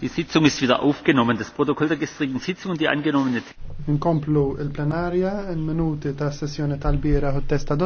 Die Sitzung ist wieder aufgenommen. Das Protokoll der gestrigen Sitzung und die angenommene... komplu il plenaria in minuti ta' sessione tal-bira u testa